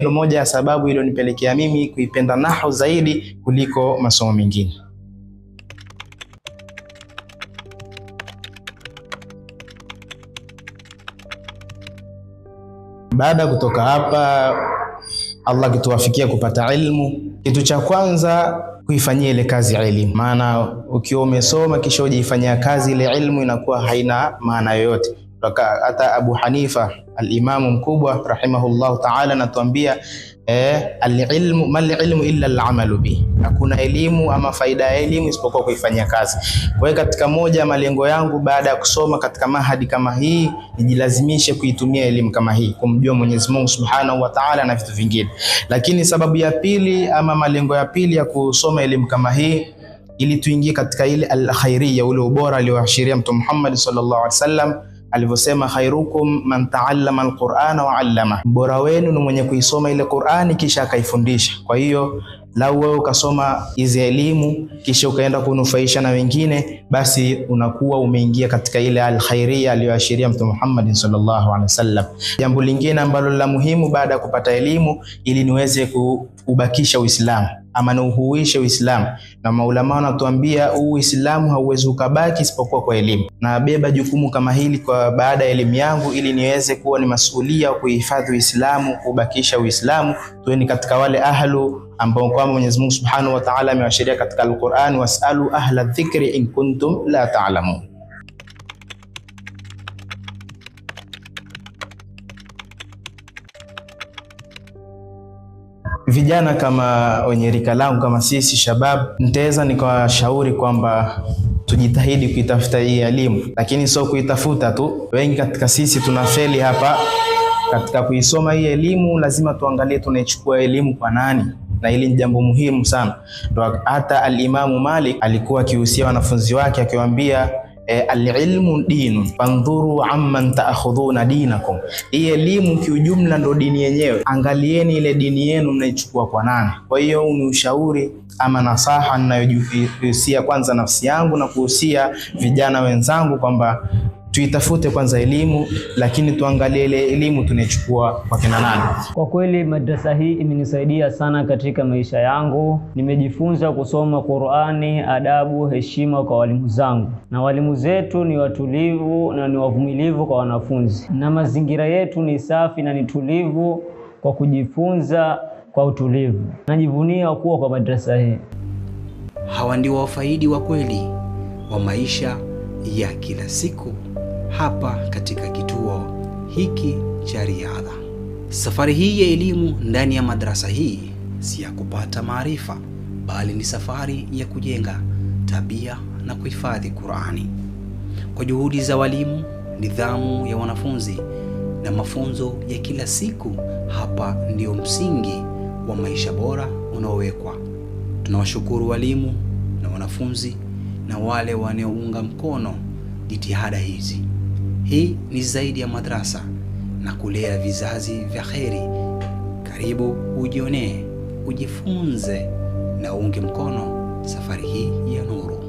Ndio moja ya sababu iliyonipelekea mimi kuipenda nahu zaidi kuliko masomo mengine. Baada ya kutoka hapa, Allah kituwafikia kupata ilmu, kitu cha kwanza kuifanyia ile kazi elimu, maana ukiwa umesoma kisha hujaifanyia kazi ile ilmu inakuwa haina maana yoyote hata Abu Hanifa alimamu mkubwa rahimahullahu ta'ala anatuambia eh, alilmu mal ilmu illa alamalu bi, hakuna elimu ama faida ya elimu isipokuwa kuifanyia kazi. Kwa hiyo katika moja ya malengo yangu baada ya kusoma katika mahadi kama hii, nijilazimishe kuitumia elimu kama hii kumjua Mwenyezi Mungu Subhanahu wa Ta'ala na vitu vingine. Lakini sababu ya pili ama malengo ya pili ya kusoma elimu kama hii ili tuingie katika ile alkhairiya, ule ubora alioashiria Mtume Muhammad sallallahu alaihi wasallam alivyosema khairukum man taallama alqur'ana wa allama, bora wenu ni mwenye kuisoma ile Qur'ani kisha akaifundisha. Kwa hiyo lau wewe ukasoma hizi elimu kisha ukaenda kunufaisha na wengine, basi unakuwa umeingia katika ile alkhairia aliyoashiria Mtume Muhammad sallallahu alaihi wasallam. Jambo lingine ambalo la muhimu baada ya kupata elimu, ili niweze kubakisha Uislamu ama uhuishe Uislamu. Na maulama wanatuambia huu Uislamu hauwezi ukabaki isipokuwa kwa elimu. Nabeba jukumu kama hili kwa baada ya elimu yangu, ili niweze kuwa ni masuhulia wa kuhifadhi Uislamu, kubakisha Uislamu, tuweni katika wale ahlu ambao kwamba Mwenyezi Mungu Subhanahu wa Ta'ala amewashiria katika Al-Qur'an, wasalu ahla dhikri in kuntum la ta'lamun. vijana kama wenye rika langu kama sisi shabab, nitaweza nikawashauri kwamba tujitahidi kuitafuta hii elimu, lakini sio kuitafuta tu. Wengi katika sisi tunafeli hapa katika kuisoma hii elimu. Lazima tuangalie tunaichukua elimu kwa nani, na hili ni jambo muhimu sana. hata Alimamu Malik alikuwa akihusia wanafunzi wake akiwaambia E, alilmu dinu fandhuru amman taakhudhuna dinakum, hii elimu kiujumla ndo dini yenyewe. Angalieni ile dini yenu mnaichukua kwa nani? Kwa hiyo ni ushauri ama nasaha ninayojihusia kwanza nafsi yangu na kuhusia vijana wenzangu kwamba tuitafute kwanza elimu, lakini tuangalie ile elimu tunayechukua kwa kina nani. Kwa kweli madrasa hii imenisaidia sana katika maisha yangu. Nimejifunza kusoma Qur'ani, adabu, heshima kwa walimu zangu, na walimu zetu ni watulivu na ni wavumilivu kwa wanafunzi, na mazingira yetu ni safi na ni tulivu kwa kujifunza kwa utulivu. Najivunia kuwa kwa madrasa hii. Hawa ndio wafaidi wa kweli wa maisha ya kila siku hapa katika kituo hiki cha riadha. Safari hii ya elimu ndani ya madrasa hii si ya kupata maarifa, bali ni safari ya kujenga tabia na kuhifadhi Qur'ani kwa juhudi za walimu, nidhamu ya wanafunzi na mafunzo ya kila siku. Hapa ndio msingi wa maisha bora unaowekwa. Tunawashukuru walimu na wanafunzi na wale wanaounga mkono jitihada hizi. Hii ni zaidi ya madrasa na kulea vizazi vya kheri. Karibu ujionee, ujifunze na uunge mkono safari hii ya nuru.